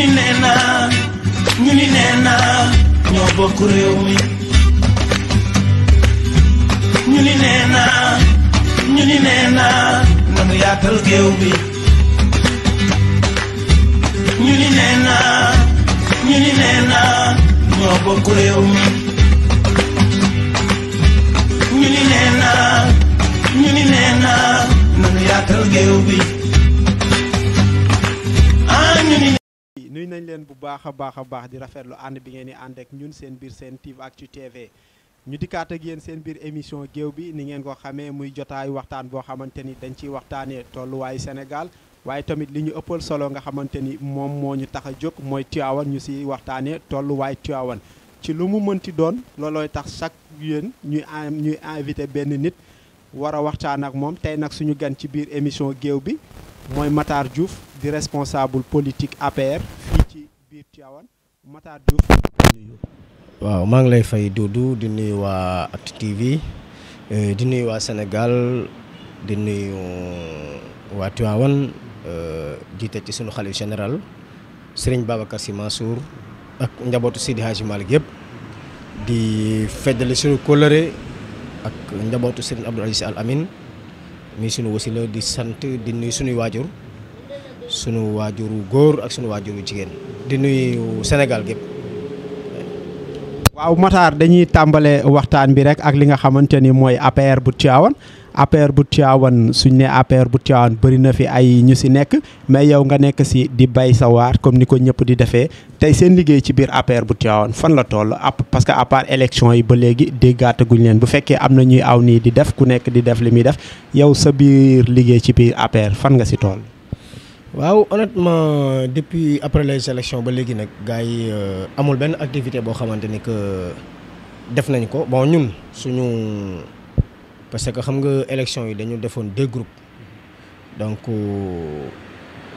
ni nee naa ñu ni nee naa ñoo bokk bi ñu ni nee naa ñu ni nee naa ñoo bokk réew mi ñu bi nañ leen bu baax a baax a baax di rafetlu ànd bi ngeen di ànd ñun seen biir seen Tivactu TV ñu dikkaat ak seen biir émission géew bi ni ngeen ko xamee muy jotaayu waxtaan boo xamante ni dañ ciy waxtaanee tolluwaayu Sénégal waaye tamit li ñu ëppal solo nga xamante ni moom moo ñu tax a jóg mooy Tiwaawan ñu si waxtaanee tolluwaay Tiwaawan ci lu mu mënti doon loolooy tax chaque yéen ñuy ñuy invité benn nit war a waxtaan ak moom tey nag suñu gan ci biir émission géew bi mooy Matar Diouf di responsable politique APR biir waaw maa ngi lay fay Doudou di nuyu waa Actu TV eh, di nuyu waa Sénégal di nuyu eh, waa Tivaouane eh, jiite ci sunu xalif général Serigne Babacar Sy Mansour ak njabootu Sidi Hadji Malick yëpp di feddali sunu kóllëre ak njabootu Serigne Abdoul Aziz Al Amin mi sunu wasila di sant di sunuy waajur sunu waajuru góor ak sunu waajuru jigéen di nuyu Sénégal gépp waaw Matar dañuy tàmbalee waxtaan bi rek ak li nga xamante ni mooy appaire bu Tivaouane APR bu Tivaouane suñ ne APR bu Tivaouane bëri na fi ay ñu si nekk mais yow nga nekk si di bay sa waar comme ni ko ñëpp di defee tey seen liggéey ci biir APR bu Tivaouane fan la tool ap parce que à part élection yi ba léegi déggaataguñ leen bu fekkee am na ñuy aw nii di def ku nekk di def li muy def yow sa biir liggéey ci biir APR fan nga si toll. waaw honnêtement depuis après les élections ba léegi nag gars yi euh, amul benn activité boo xamante ni que def nañ ko bon ñun suñu parce que xam nga élections yi dañu defoon deux groupes donc euh,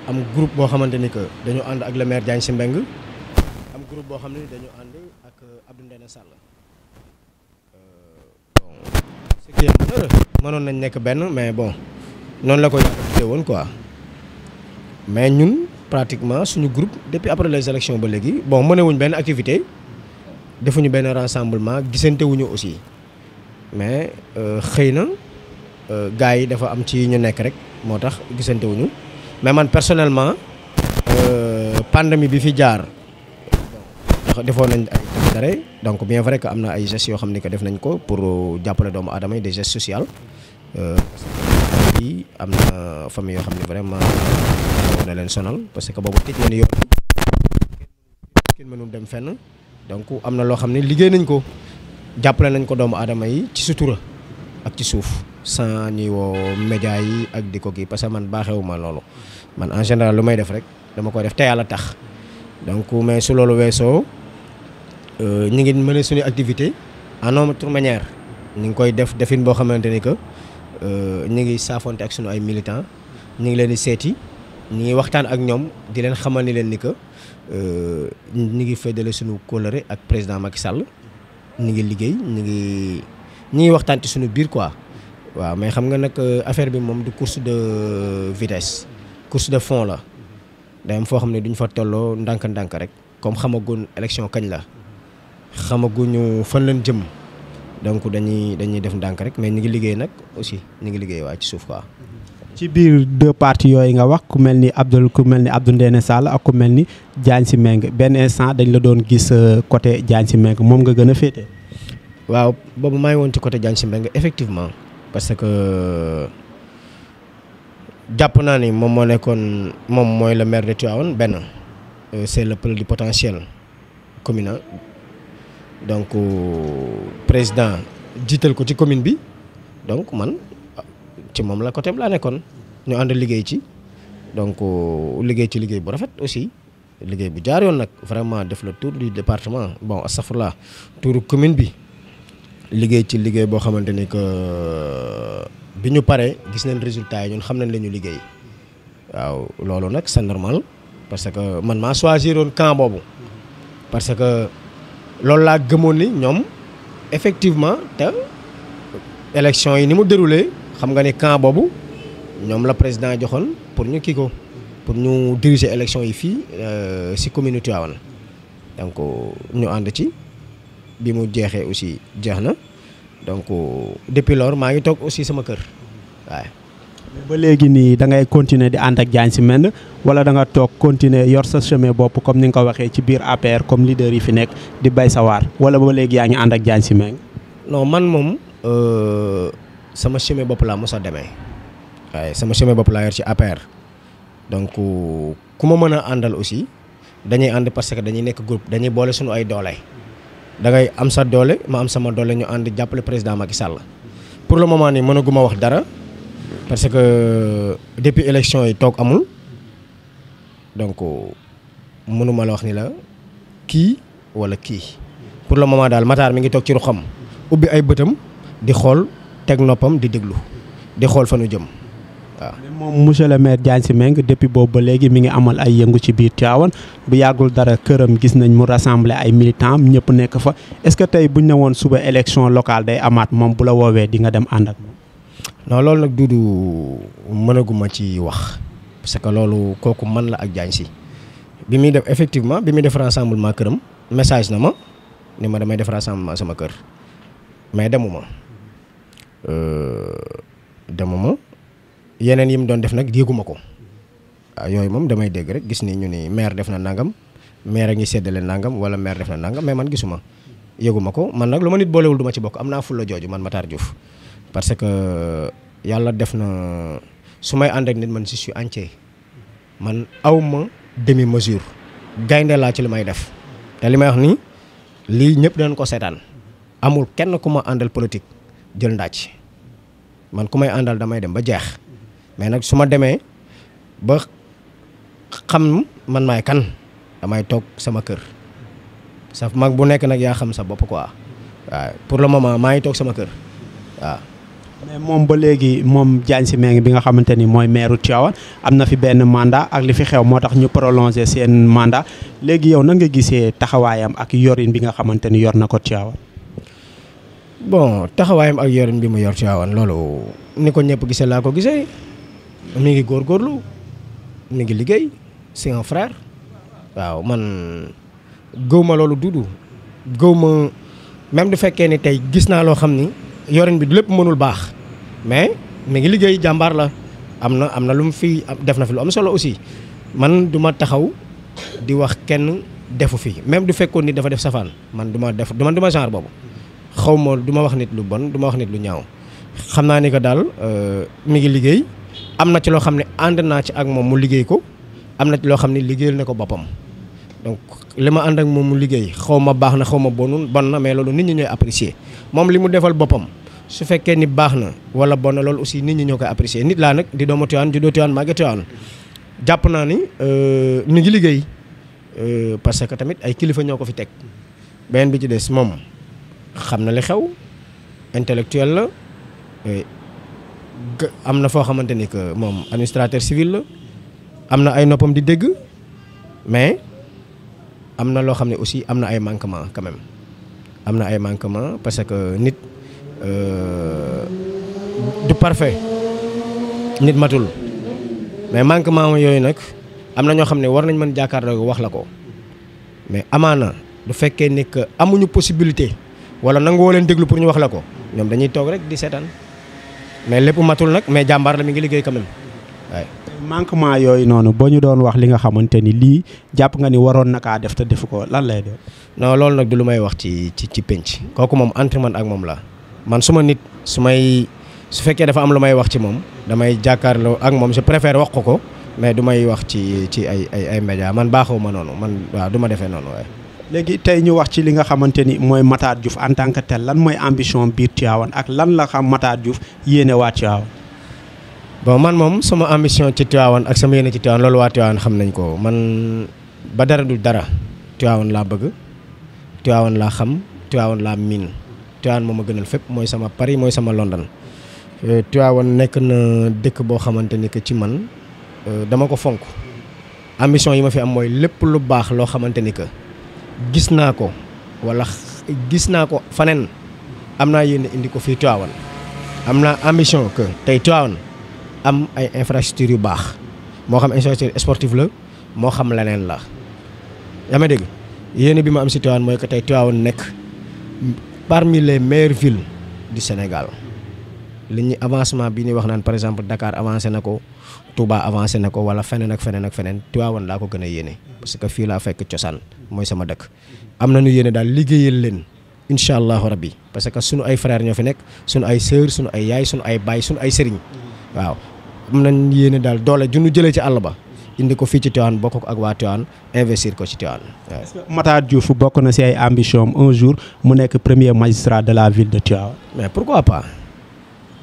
am groupe boo xamante ni que dañu ànd ak le maire Diagne Sy Mbengue am groupe boo xam ne dañu ànd ak euh, Abdou Ndéné Sall. bon c'est malheureux mënoon nañ nekk benn mais bon noonu la ko yàlla tuddee woon quoi. mais ñun pratiquement suñu groupe depuis après les élections ba léegi bon mënewuñ benn activité defuñu benn rassemblement gisantewuñu aussi mais euh, xëy na euh, gars yi dafa am ci ñu nekk rek moo tax gisantewuñu mais man personnellement euh, pandémie bi fi jaar defoon nañ ay dare donc bien vrai que am na ay gestes yoo xam ne que def nañ ko pour jàppale doomu aadama yi des gestes sociaux yi am na famille yoo xam ne vraiment xaw na leen sonal parce que boobu tëj nañu yoon kenn mënul dem fenn donc am na loo xam ne liggéey nañ ko jàppale nañ ko doomu aadama yi ci sutura ak ci suuf sans ñuy woo yi ak di ko kii parce que man baaxewuma loolu man en général lu may def rek dama koy def te yàlla tax donc mais su loolu weesoo euh, ñu ngi mëne suñu activité en autre manière ñu ngi koy def defin boo xamante ni que euh, ñu ngi saafonte ak suñu ay militants ñu ngi leen di seeti ñi ngi waxtaan ak ñoom di leen xamal ni leen ni que euh, ñu ngi feddale sunu kolere ak président Macky Sall ñu ngi liggéey ñu ngi ñu ngi waxtaan ci suñu biir quoi waaw mais xam nga nag euh, affaire bi moom du course de euh, vitesse course de fond la day foo xam ne duñ fa tolloo ndànk-ndànk rek comme xamaguñ élection kañ la xamaguñu fan leen jëm donc dañuy dañuy def ndànk rek mais ñu ngi liggéey nag aussi ñu ngi liggéey waaye ci suuf quoi. ci biir de parties yooyu nga wax ku mel ni Abdoul ku mel ni Abdou Ndéné Sall ak ku mel ni Diagne si Mbengue benn instant dañ la doon gis euh, côté Diagne si Mbengue moom nga gën a féete. waaw boobu maa woon ci côté Diagne Sy Mbengue effectivement parce que jàpp naa ni moom moo nekkoon moom mooy le maire de Tivaouane benn euh, c'est le pôle du potentiel communal donc euh, président jiital ko ci commune bi donc man. ci moom la côté laa nekkoon ñu ànd liggéey ci donc liggéey ci liggéey bu rafet aussi liggéey bu jaar yoon nag vraiment def la tour du département bon astafurlah tour commune bi liggéey ci liggéey boo xamante ni que euh, bi ñu paree gis neen résultat yi ñun xam nañ la ñu liggéey waaw loolu nag c'est normal parce que man maa choisiroon camp boobu parce que loolu laa gëmoon ni ñoom effectivement te élection yi ni mu déroulé xam nga ni camp boobu ñoom la président joxoon pour ñu kii ko pour ñu diriger élection yi fii euh, si commune Tivaouane donc ñu ànd ci bi mu jeexee aussi jeex na donc depuis lors maa ngi toog aussi sama kër waaye. ba léegi nii dangay ngay di ànd ak Diagne si Mendy wala da toog continuer yor sa chemin bopp comme ni nga ko waxee ci biir APR comme leader yi fi nekk di bay sa waar wala ba léegi yaa ngi ànd ak Diagne si Mendy. non man moom. Euh, sama chemin bopp laa mos a demee waaye sama chemin bopp laa yor ci APR donc ku ma mën a àndal aussi dañuy ànd parce que dañuy nekk group dañuy boole suñu ay doole da ngay am sa doole ma am sama doole ñu ànd jàppale président Macky Sall pour le moment nii mënaguma wax dara parce que depuis élection yi toog amul donc mënuma la wax ni la kii wala kii pour le moment daal Matar mi ngi toog ci ruxam ubbi ay bëtam di xool. teg noppam di déglu di xool fa nu jëm waaw. moom monsieur le maire Diagne Sy Mbengue depuis boobu ba léegi mi ngi amal ay yëngu ci biir Tivaouane bu yàggul dara këram gis nañ mu rassembler ay militants ñëpp nekk fa est-ce que tey bu ñu ne woon suba élection locale day amaat moom bu la woowee di nga dem ànd ak moom. non loolu nag duudu mënaguma ci wax parce que loolu kooku man la ak Diagne Sy bi muy def effectivement bi muy def rassemblement këram message na ma ni ma damay def rassemblement sama kër mais demuma. Euh, dama ma yeneen yi mu doon def nag yëguma ko waaw ah, yooyu moom damay dégg rek gis ni ñu ni maire def na nangam maire a ngi séddale nangam wala maire def na nangam mais man gisuma yëguma ko man nag lu ma nit boolewul du ma ci bokk am naa fulla jooju man Matar Diouf parce que yàlla def na su may ànd ak nit man je suis entier man aw ma demi mesure gaynde laa ci li may def te li may wax nii li ñëpp dinañ ko seetaan amul kenn ku ma àndal politique jël ndàcc man ku may àndal damay dem ba jeex mais nag su ma demee ba xam man maay kan damay toog sama kër sa mag bu nekk nag yaa xam sa bopp quoi waaw pour le moment maa ngi toog sama kër waaw. mais moom ba léegi moom Diagne si Mbengue bi nga xamante ni mooy maire Tivaouane am na fi benn mandat ak li fi xew moo tax ñu prolonger seen mandat léegi yow nan nga gisee taxawaayam ak yorin bi nga xamante ni yor na ko Tivaouane. bon taxawaayam ak yorin bi mu yor Tivaouane loolu ni ko ñëpp gise laa ko gise mi ngi góor góorlu mi ngi liggéey c'est un frère waaw man gëw ma loolu dudu gëw ma même du fekkee ni tey gis naa loo xam ni yorin bi lépp mënul baax mais mi ngi liggéey jàmbaar la am na am na lu mu fi def na fi lu am solo aussi man duma taxaw di wax kenn defu fi même du fekkoon ni dafa def safaan man du ma def man du ma genre boobu. xaw ma du ma wax nit lu bon duma wax nit lu ñaaw xam naa ni que daal euh, mi ngi liggéey am na ci loo xam ne ànd naa ci ak moom mu liggéey ko am na ci loo xam ne liggéeyal na ko boppam donc li ma ànd ak moom mu liggéey xaw ma baax na xaw ma bonul bon na mais loolu nit ñi ñooy apprécier moom li mu defal boppam su fekkee ni baax na wala bon na loolu aussi nit ñi ñoo koy apprécier nit laa nag di doomu Tiwaawan di doo Tiwaawan màgge Tiwaawan jàpp naa ni euh, mi ngi liggéey euh, parce que tamit ay kilifa ñoo ko fi teg beneen bi ci des moom xam na li xew intellectuel la am na foo xamante ni que moom administrateur civil la am na ay noppam di dégg mais am na loo xam ne aussi am na ay manquement quand même am na ay manquement parce que nit euh, du parfait nit matul mais manquement yooyu nag am na ñoo xam ne war nañ mën jàkkaarloo wax la ko mais amaana du fekkee ni amuñu possibilité wala nangoo leen déglu pour ñu wax la ko ñoom dañuy toog rek di seetaan mais lépp matul nag mais jàmbaar la mi ngi liggéey quand même waaye. manquement yooyu noonu boo ñu doon wax li nga xamante ni lii jàpp nga ni waroon na def te defu ko lan lay doon. non loolu nag lu may wax ci ci ci penc. kooku moom entre man ak moom la man suma nit su may su fekkee dafa am lu may wax ci moom damay jàkkaarloo ak moom je préfère wax ko ko mais du may wax ci ci ay ay ay média man baaxoo ma noonu man waaw du ma defee noonu waaye. léegi tey ñu wax ci li nga xamante ni mooy Matar Diouf en tant que tel lan mooy ambition biir Tivaouane ak lan la xam Matar Diouf yéene waa Tivaouane. bon man moom sama ambition ci Tivaouane ak sama yéene ci Tivaouane loolu waa Tivaouane xam nañ ko man ba dara du dara laa bëgg Tivaouane laa xam Tivaouane laa miin Tivaouane moom a gënal fépp mooy sama Paris mooy sama London. Euh, Tivaouane nekk na dëkk boo xamante ni que ci man euh, dama ko fonk ambition yi ma fi am mooy lépp lu baax loo xamante ni que. gis naa ko wala gis naa ko faneen am naa yéen indi ko fii Tivaouane am naa ambition que tey Tivaouane am ay infrastructure yu baax moo xam infrastructure sportive la moo xam leneen la yaa ma dégg yéen bi ma am si Tivaouane mooy que tey Tivaouane nekk par mille maire villes du Sénégal li ñuy avancement bi ñuy wax naan par exemple dakaar avancé na ko Touba avancé na ko wala feneen ak feneen ak feneen Tiwaawan laa ko gën a parce que fii laa fekk cosaan mooy sama dëkk am na nañu yéene daal liggéeyal leen incha allahu rabbi parce que sunu ay frères ñoo fi nekk sunu ay su sunu ay yaay sunu ay baay sunu ay sëriñ waaw am nañ yéene daal doole ju ñu jëlee ci àll ba indi ko fii ci Tivaouane bokk ko ak waa Tivaouane investir ko ci Tivaouane. est-ce bokk na si ay ambition un jour mu nekk premier magistrat de la ville de Tivaouane. mais pourquoi pas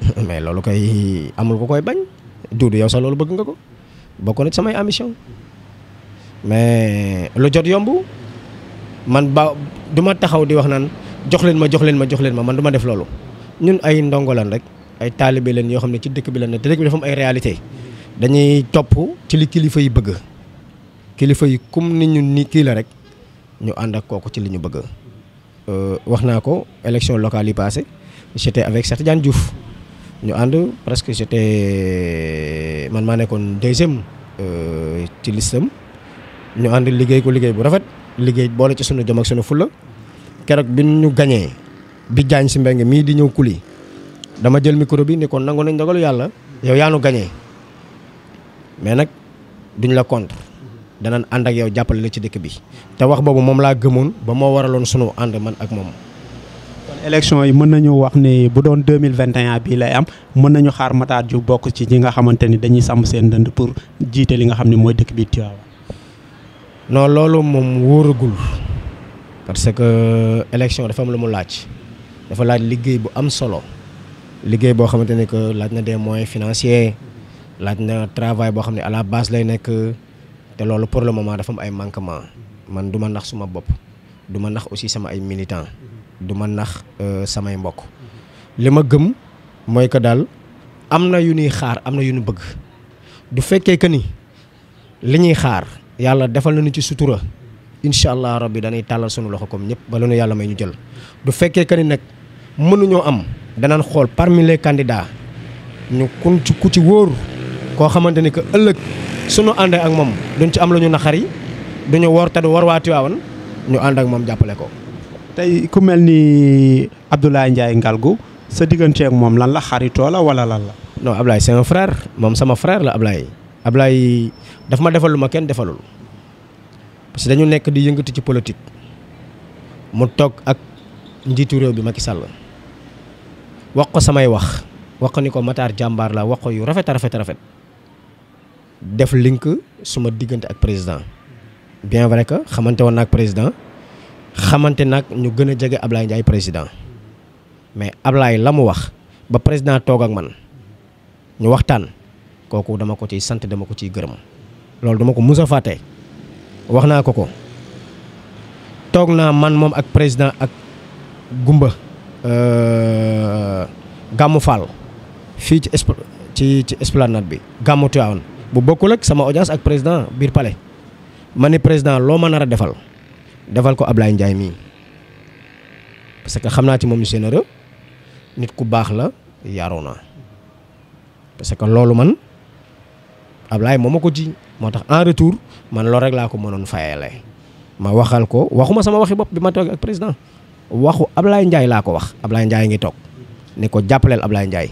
mais loolu koy amul ko koy bañ. Doudou yow sax loolu bëgg nga ko bokk na samay ambition mais lu jot yomb man ba duma taxaw di wax naan jox leen ma jox leen ma jox leen ma man du def loolu ñun ay ndongo lan rek ay taalibe leen yoo xam ne ci dëkk bi lan ne te dëkk bi ay réalité dañuy topp ci li kilifa yi bëgg kilifa yi comme ni ñu ni kii la rek ñu ànd ak kooku ci li ñu bëgg euh, wax naa ko élection locale yi passé j'étais avec Cheikh Tidiane Diouf ñu ànd presque j'étais man maa nekkoon deuxième euh, ci listam ñu ànd liggéey ko liggéey bu rafet liggéey boole ci sunu jom ak sunu fulla keroog bi ñu gañee bi jaañ si mbeng mii di ñëw kuli dama jël micro bi ni kon nangu nañ dogalu yàlla yow yaa nu gañee mais nag duñu la contre danañ ànd ak yow jàppale la ci dëkk bi te wax boobu moom laa gëmoon ba moo waraloon sunu ànd man ak moom élection yi mën nañu wax ni bu doon deux mille vingt et bii lay am mën nañu xaar Matar Diouf bokk ci ñi nga xamante ni dañuy sàmm seen ndënd pour jiite li nga xam ne mooy dëkk bi Tivaouane. non loolu moom wóoragul parce que élection dafa am lu mu laaj dafa laaj liggéey bu am solo liggéey boo xamante ne que laaj na des moyen financier laaj na travail boo xam ne à la base lay nekk te loolu pour le moment dafa am ay manquement man du ma nax suma bopp du ma nax aussi sama ay militants. du ma nax euh, samay mbokk li ma gëm mooy que daal am na yu nuy xaar am na yu ñu bëgg du fekkee que ni li ñuy xaar yàlla defal na nañu ci sutura incha allah rabbi dañuy tàllal sunu loxo comme ñëpp ba lanu yàlla may ñu jël du fekkee que ni nag mënuñoo am danaan xool parmi les ñu kun ci ku ci wóor koo xamante ni que ëllëg sunu àndee ak moom duñ ci am lu ñu naxar yi duñu woor te du war waa Tiwaawan ñu ànd ak moom jàppale ko tey ku mel ni Abdoulaye Ndiaye Ngalgou sa digganteek moom lan la xaritoo la wala lan la. non Ablaye c'est un frère moom sama frère la Ablaye Ablaye daf ma defal ma kenn defalul parce que dañu nekk di yëngatu ci politique mu toog ak njiitu réew bi Macky Sall wax ko samay wax wax ko ni ko Matar jàmbaar la wax ko yu rafet rafet rafet def link suma diggante ak président bien vrai que xamante woon président. xamante nag ñu gën a jege Ablaye Ndiaye président mais Ablaye la mu wax ba président toog ak man ñu waxtaan kooku dama ko ciy sant dama ko ciy gërëm loolu dama ko mus a fàtte wax naa ko ko toog naa man moom ak président ak Gumba euh, Gàmmu Fall fii ci ci ci esplanade bi Gàmmu Tiwaawan bu bokkul ak sama audience ak président biir pale ma ni président loo ma nar a defal defal ko Ablaye Ndiaye mii parce que xam naa ci moom ñu généreux nit ku baax la yaru na parce que loolu man Ablaye moo ma ko ci moo tax en retour man loolu rek laa ko mënoon fayale ma waxal ko waxuma sama waxi bopp bi ma toog ak président waxu Ablaye Ndiaye laa ko wax Ablaye Ndiaye ngi toog ne ko jàppaleel Ablaye Ndiaye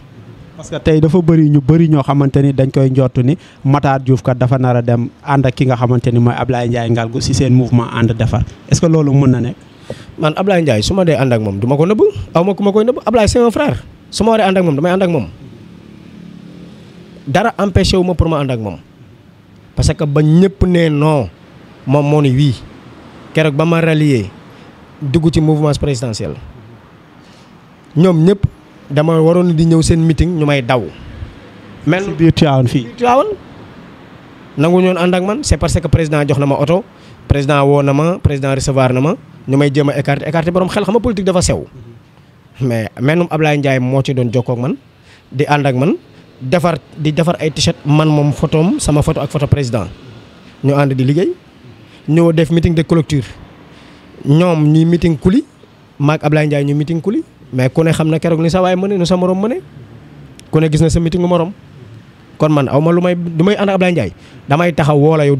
parce que tey dafa bëri ñu bëri ñoo xamante ni dañ koy njottu ni Matar Diouf kat dafa nar a dem ànd ak ki nga xamante ni mooy Ablaye Ndiaye Ngalgou si seen mouvement ànd defar est-ce que loolu mën na nekk. man Ablaye Ndiaye su ma dee ànd ak moom du ma ko nëbb aw ma ku ma koy nëbb Ablaye c'est un frère su ma waree a ak moom damay ànd ak moom dara empêché wu ma pour ma ànd ak moom parce que ba ñëpp nee non moom moo ni wii keroog ba ma rallier dugg ci mouvement présidentiel ñoom ñëpp. dama waroon di ñëw seen meeting ñu may daw. mel si biir Tivaouane fii Tivaouane nangu ñoon ànd ak man c'est parce que président jox na ma oto président woo na ma président recevoir na ma ñu may jéem a écarter écarter borom xel xam nga politique dafa sew. mais mennum Ablaye Ndiaye moo ci doon jokkoo man di ànd ak man defar di defar ay t-shirt man moom photoom sama photo ak photo président ñu ànd di liggéey ñoo def meeting de clôture ñoom ñuy meeting kuli maag Ablaye ñu meeting kuli. mais ku ne xam na keroog ni sa waay mëne nu sa morom mane ku ne gis na sa meeting morom kon man aw ma lu may du may ànd Ablaye damay taxaw woola la yow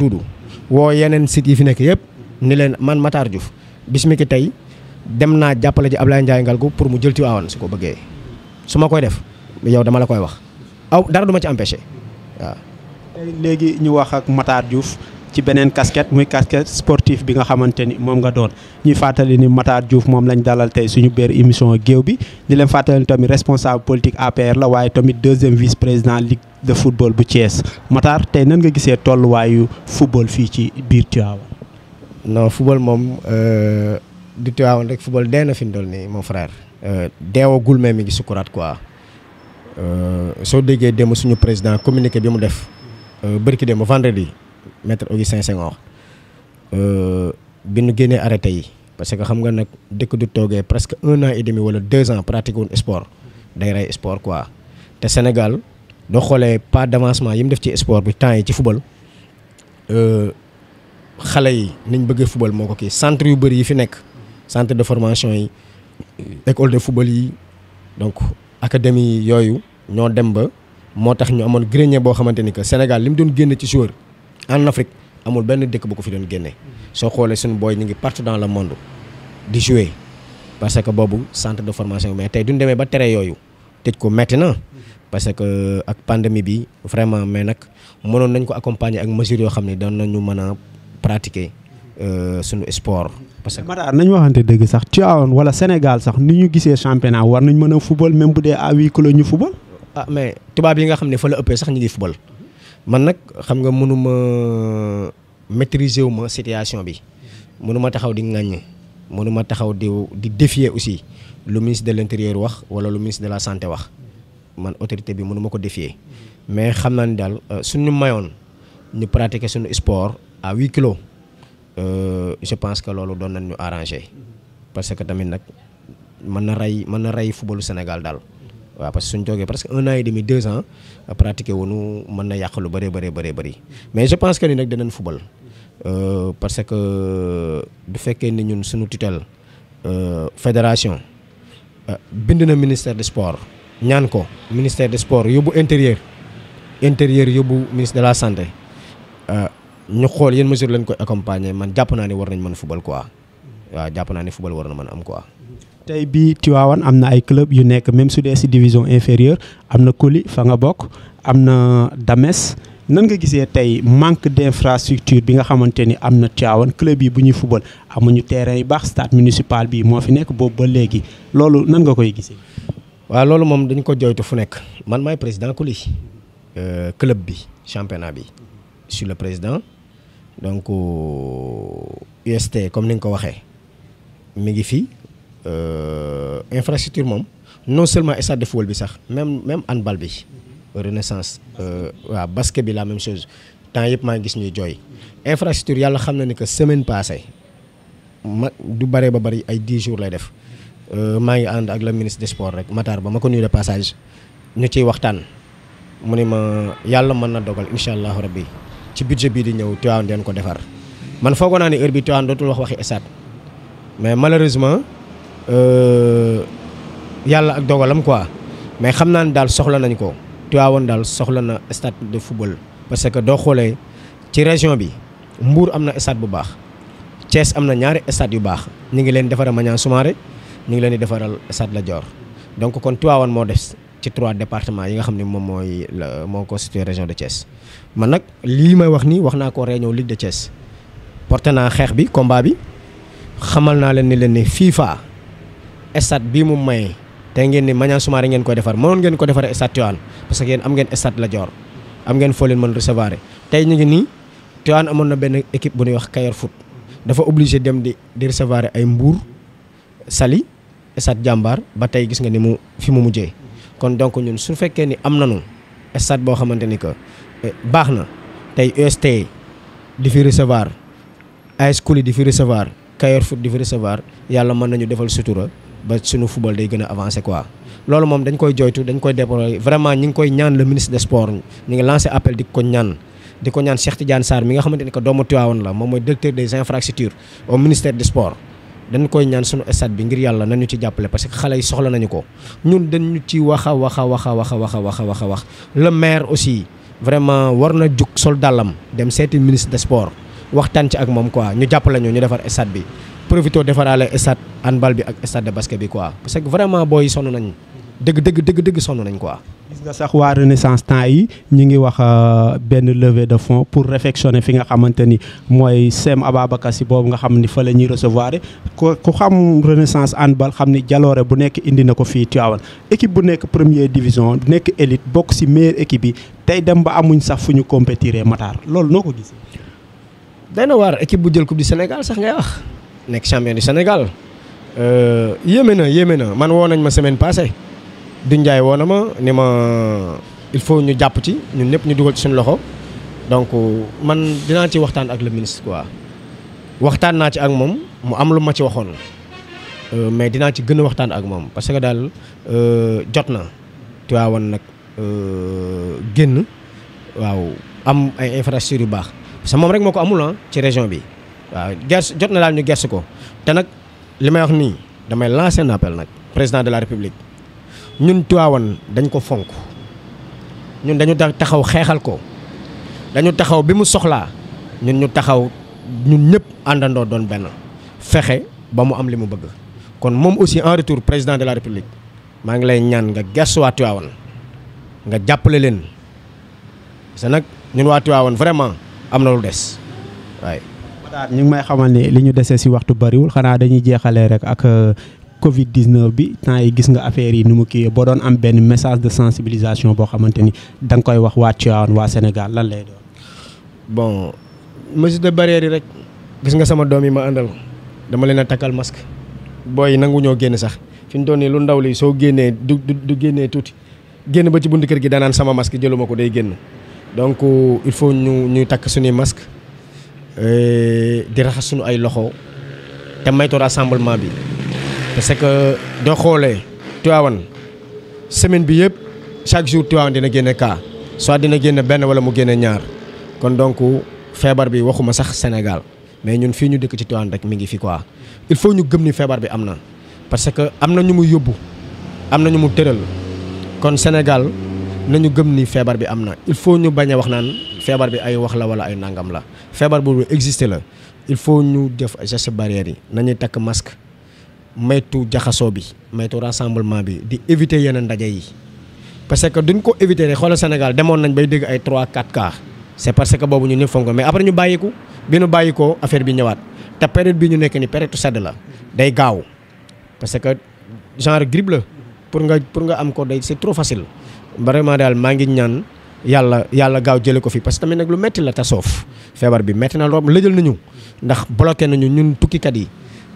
woo yeneen si yi fi nekk yëpp ni leen man Matar Diouf bis ki tey dem naa jàppale ji Ablaye ngal ko pour mu jël ci waawan su ko bëggee su ma koy def yow dama la koy wax aw dara du ma ci empêché waaw. léegi ñu wax ak Matar Diouf. ci beneen casquette muy casquette sportif bi nga xamante ni moom nga doon ñuy fàttali ni Matar Diouf moom lañ dalal tey suñu biir émission géew bi di leen fàttali tamit responsable politique APR la waaye tamit deuxième vice président ligue de football bu Thiès Matar tey nan nga gisee tolluwaayu football fii ci biir Tivaouane. non football moom euh, di Tivaouane rek football dee na fi mu toll nii mon frère. Euh, deewagul mais mi ngi sukuraat quoi euh, soo déggee démb suñu président communiqué bi mu def bërki démb vendredi. mettre maître Augustin Senghor euh, bi nu génnee arrêté yi parce que xam nga nag dëkk du toogee presque un an et demi wala deux ans pratiqué woon sport day rey sport quoi te Sénégal doo xoolee pas d'avancement yi mu def ci sport bi temps yi ci football euh, xale yi niñ bëggee football moo ko kii centre yu bëri yi fi nekk centre de formation yi école de football yi donc académie yooyu ñoo dem ba moo tax ñu amoon grenier boo xamante ni que Sénégal li mu doon génn ci joueur en Afrique amul benn dëkk bu ko fi doon génnee soo xoolee suñu booy ñu ngi partout dans le monde di jouer parce que boobu centre de formation mais tey duñ demee ba tere yooyu tëj ko metti na parce que ak pandémie bi vraiment mais nag mënoon nañ ko accompagner ak mesures yoo xam ne doon nañu mën a pratiquer euh, suñu sport. parce que Matar nañu waxante dëgg sax Tivaouane wala Sénégal sax ni ñu gisee championnat war nañ mën a football même bu dee à huis ñu football. Ah, mais tubaab yi nga xam ne fa ëppee sax ñu ngi football. man nag xam nga mënuma maîtriser wu ma situation bi mënuma taxaw di ŋàññ mënuma taxaw di di défier aussi lu ministre de l'intérieur wax wala lu ministre de la santé wax man autorité bi mënuma ko défier mais xam naa ni daal euh, suñu mayoon ñu pratiquer suñu sport à huis clos euh, je pense que loolu doon nañ ñu arrangé parce que tamit nag mën na rey mën na rey footballu Sénégal daal waaw parce que suñ parce presque un an et demi deux ans pratiqué wonu mën na yàq lu bare bëree bare bëri mais je pense que ni nag danañ fubal euh, parce que du fekkee ni ñun suñu tutelle euh, fédération euh, bind na ministère des sports ñaan ko ministère des sports yóbbu intérieur intérieur yóbbu ministre de la santé ñu xool yan mesure lañ koy accompagner man jàpp naa ne war nañ mën fubal quoi waaw jàpp naa ne football war na mën a am quoi. tey bii Tivaouane am na ay club yu nekk même su dee si division inférieure am na Koli fa nga bokk am na Dames nan nga gisee tey manque d' infrastructure bi nga xamante ni am na Tivaouane club yi bu ñuy football amuñu terrain yu baax stade municipal bi moo fi nekk boobu ba léegi loolu nan nga koy gisee. waaw loolu moom dañ ko joytu fu nekk man maay président Koli euh, club bi championnat bi je suis le président donc UST euh, comme ni nga ko waxee. mi ngi fii euh, infrastructure moom non seulement stade de football bi sax même même handball bi renaissance euh, waaw basket bi la même chose temps yëpp maa ngi gis ñuy jooy infrastructure yàlla xam na ni que semaine passe ma du bare ba bari ay 10 jour lay def euh, maa ngi ànd ak le ministre de sports rek Matar ba ma ko nuyu de passage ñu ciy waxtaan mu ni ma yàlla mën na dogal incha allahu rabbi ci budget bii di ñëw Tivaouane deen ko defar man foogoo naa ne heure bi Tivaouane mais malheureusement euh, yàlla ak dogalam quoi mais xam naa ne daal soxla nañ ko Tivaouane daal soxla na stade de football. parce que doo xoolee ci région bi Mbour am na stade bu baax Thiès am na ñaari stade yu baax ñu ngi leen defaral Maniang Soumaré ñu ngi leen di defaral stade la Dior donc kon Tivaouane moo des ci trois départements yi nga xam ne moom mooy moo constitué région de Thiès man nag lii may wax nii wax naa ko réunion Ligue de Thiès porte naa xeex bi combat bi. xamal naa leen ni leen ni FIFA stade bii mu may te ngeen ni Maniang Soumaré ngeen koy defar mënoon ngeen ko defaree stade Tivaouane parce que yéen am ngeen stade Lat Dior am ngeen foo leen mën recevoir tey ñu ngi nii Tivaouane amoon na benn équipe bu ñuy wax Kayor Foot dafa obligé dem di di recevoir ay Mbour sali stade Jàmbaar ba tey gis nga ni mu fi mu mujjee kon donc ñun su fekkee ni am nañu stade boo xamante ni que eh, baax na tey UST di fi recevoir AS Cooli di fi recevoir. Kayor Foot di fi recevoir yàlla mën nañu defal sutura ba suñu football day gën a avancé quoi loolu moom dañ koy joytu dañ koy déployer vraiment ñi ngi koy ñaan le ministre des sports ñu ngi lancé appel di ko ñaan di ko ñaan Cheikh Tidiane Sarr mi nga xamante ni que doomu Tivaouane la moom mooy directeur des infrastructures au ministère des sports dañ koy ñaan suñu stade bi ngir yàlla nañu ci jàppale parce que xale yi soxla nañu ko ñun dañu ci wax a wax a wax a wax a wax a a wax a maire aussi vraiment war na jug sol dàllam dem seeti ministre des sports waxtaan ci ak moom quoi ñu jàpp ñu ñu defar stade bi profité defaraale stade handball bi ak stade de basket bi quoi parce que vraiment booy sonn nañ dëgg dëgg dëgg dëgg sonn nañ quoi. gis nga sax waa renaissance temps yi ñu ngi wax euh, benn levée de fonds pour réfectionner fi nga xamante ni mooy sem Ababacar boobu nga xam ni fa la ñuy recevoir ko ku xam renaissance handball xam ni jaloore bu nekk indi na ko fii Tivaouane équipe bu nekk premier division nekk élite bokk si meilleure équipe yi tey dem ba amuñ sax fu ñu compétiree loolu noo dana waar équipe bu jël coupe du Sénégal sax ngay wax nekk champion du Sénégal euh, yéeme na yéeme na man woo nañ ma semaine passée Doudou Ndiaye woo na ma ni ma il faut ñu jàpp ci ñun ñëpp ñu dugal ci suñu loxo donc euh, man dinaa ci waxtaan ak le ministre quoi waxtaan naa ci ak moom mu am lu ma ci waxoon euh, mais dinaa ci gën a waxtaan ak moom parce que daal jot na Tiwaawan nag génn waaw am ay infrastructures yu baax. sa moom rek moo ko amul ah, ci région bi waaw gers jot na daal ñu gers ko te nag li may wax nii damay lancer un appel nag président de la république ñun Tiwaawan dañ ko fonk ñun dañu taxaw xeexal ko dañu taxaw bi mu soxlaa ñun ñu taxaw ñun ñëpp àndandoo doon benn fexe ba mu am li mu bëgg kon moom aussi en retour président de la république maa ngi lay ñaan nga gëstu waa Tiwaawan nga jàppale leen parce nag ñun waa Tiwaawan vraiment am na lu des waaye. Matar ñu ngi may xamal ni li ñu desee si waxtu bariwul xanaa dañuy jeexalee rek ak euh, Covid 19 bi temps yi gis nga affaire yi nu mu kii boo doon am benn message de sensibilisation boo xamante ni da nga koy wax waa Tivaouane waa Sénégal lan lay doon. bon mesure de barrière rek gis nga sama doom yi ma àndal dama leen a takkal masque booy nangu ñoo génn sax fi ñu toll nii lu ndaw li soo génnee du du génnee tuuti génn ba ci bunt kër gi daanaan sama masque jëluma ko day génn. donc euh, il faut ñu ñuy takk suñuy masque euh, di raxas suñu ay loxo te maytu rassemblement bi parce que doo xoolee Tivaouane semaine bi yëpp chaque jour Tivaouane dina génne cas soit dina génne benn wala mu génne ñaar kon donc feebar bi waxuma sax Sénégal mais ñun fii ñu dëkk ci Tivaouane rek mi ngi fi quoi il faut ñu gëm ni feebar bi am na parce que am na ñu mu yóbbu am na ñu mu tëral kon Sénégal nañu gëm ni feebar bi am na il faut ñu bañ a wax naan feebar bi ay wax la wala ay nangam la feebar boobu existé la il faut ñu jëf def geste barrière yi nañuy takk masque maytu jaxasoo bi maytu rassemblement bi di éviter yeneen ndaje yi parce que duñ ko éviter rek xoolal Sénégal demoon nañ bay dégg ay 3 4 cas c'est parce que boobu ñu ñëpp fonk mais après ñu bàyyiku bi ñu bàyyikoo affaire bi ñëwaat te période bi ñu nekk ni période sedd la day gaaw parce que genre grippe la pour nga pour nga am ko day c'est trop vraiment daal maa ngi ñaan yàlla yàlla gaaw jële ko fi parce que tamit nag lu metti la ta soof feebar bi metti na lool lëjal nañu ndax bloqué nañu ñun tukki kat yi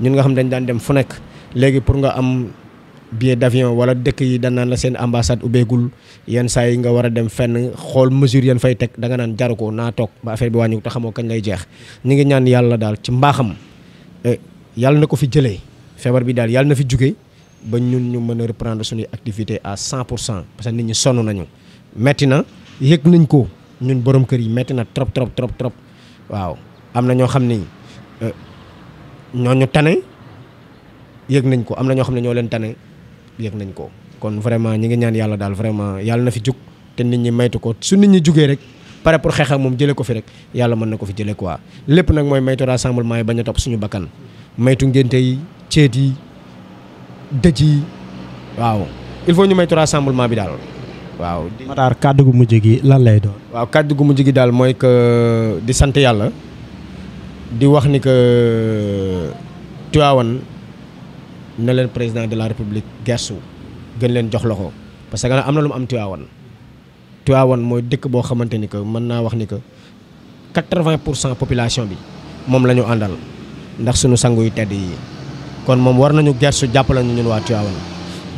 ñun nga xam dañ daan dem fu nekk léegi pour nga am billet d'avion wala dëkk yi dañ naan la seen ambassade ubbeegul yenn saa yi nga war a dem fenn xool mesure yan fay teg da nga naan jaru ko naa toog ba affaire bi wàññiwu te xamoo kañ lay jeex ñu ngi ñaan yàlla daal ci mbaaxam eh, yàlla na ko fi jëlee feebar bi daal yàlla na fi jóge ba ñun ñu mën a reprendre suñuy activité à 100 pour cent parce que nit ñi sonn nañu. metti na yëg nañ ko ñun borom kër yi metti na trop trop trop trop waaw am na ñoo xam ni euh, ñooñu tane yëg nañ ko am na ñoo xam ne ñoo leen tane yëg nañ ko. kon vraiment ñi ngi ñaan yàlla daal vraiment yàlla na fi jug te nit ñi maytu ko su nit ñi jugee rek pare pour xeex ak moom jëlee ko fi rek yàlla mën na ko fi jëlee quoi lépp nag mooy maytu rassemblement yi bañ a topp suñu bakkan dëj yi waaw il faut ñu moytu rassemblement bi daal waaw. Matar kàddu gu mujj gi lan lay doon. waaw kàddu gu mujj gi daal mooy que di sant yàlla di wax ni que Tivaouane na leen président de la république gersu gën leen jox loxo parce que am na lu mu am Tivaouane Tivaouane mooy dëkk boo xamante ni que mën naa wax ni que quatre-vingt pour cent population bi moom la ñu àndal ndax sunu sangu yu tedd yi. kon moom war nañu gersu jàppale ñu ñun waa Tivaouane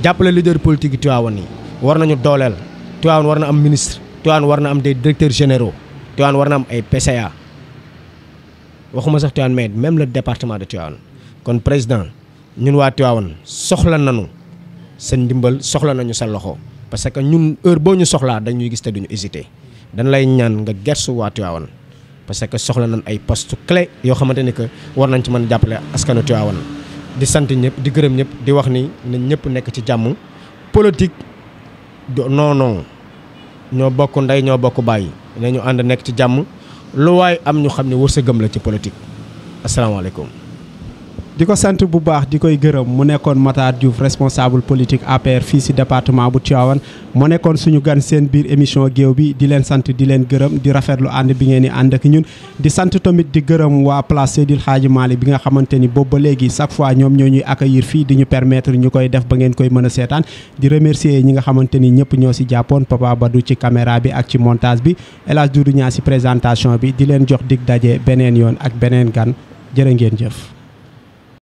jàppale leader politique yi Tivaouane yi war nañu dooleel Tivaouane war na am ministre Tivaouane war na am des directeurs généraux Tivaouane war na am ay PCA waxuma sax Tivaouane mais même le département de Tivaouane kon président ñun waa Tivaouane soxla nañu sa ndimbal soxla nañu sa loxo parce que ñun heure boo ñu soxlaa dañuy gis te duñu hésité dañ lay ñaan nga gersu waa Tivaouane parce que soxla nañ ay poste clé yoo xamante ni que war nañ ci mën jàppale askanu Tivaouane di sant ñëpp di gërëm ñëpp di wax ni na ñëpp nekk ci jàmm politique non non ñoo bokk ndey ñoo bokk bàyyi ñu ànd nekk ci jàmm lu waaye am ñu xam ne wërsëgam la ci politique asalaamaaleykum di ko sant bu baax di koy gërëm mu nekkoon Matar Diouf responsable politique APR fii si département bu Tivaouane mu nekkoon suñu gan seen biir émission géew bi di leen sant di leen gërëm di rafetlu ànd bi ngeen di ànd ak ñun di sant tamit di gërëm waa place Seydil Hadji Malick bi nga xamante ni boobu ba léegi chaque fois ñoom ñoo ñuy accueillir fii di ñu permettre ñu koy def ba ngeen koy mën a seetaan di remercier ñi nga xamante ni ñëpp ñoo si jàppoon Papa Badou ci caméra bi ak ci montage bi El Hadj Doudou si présentation bi di leen jox dig daje beneen yoon ak beneen gan jërë ngeen jëf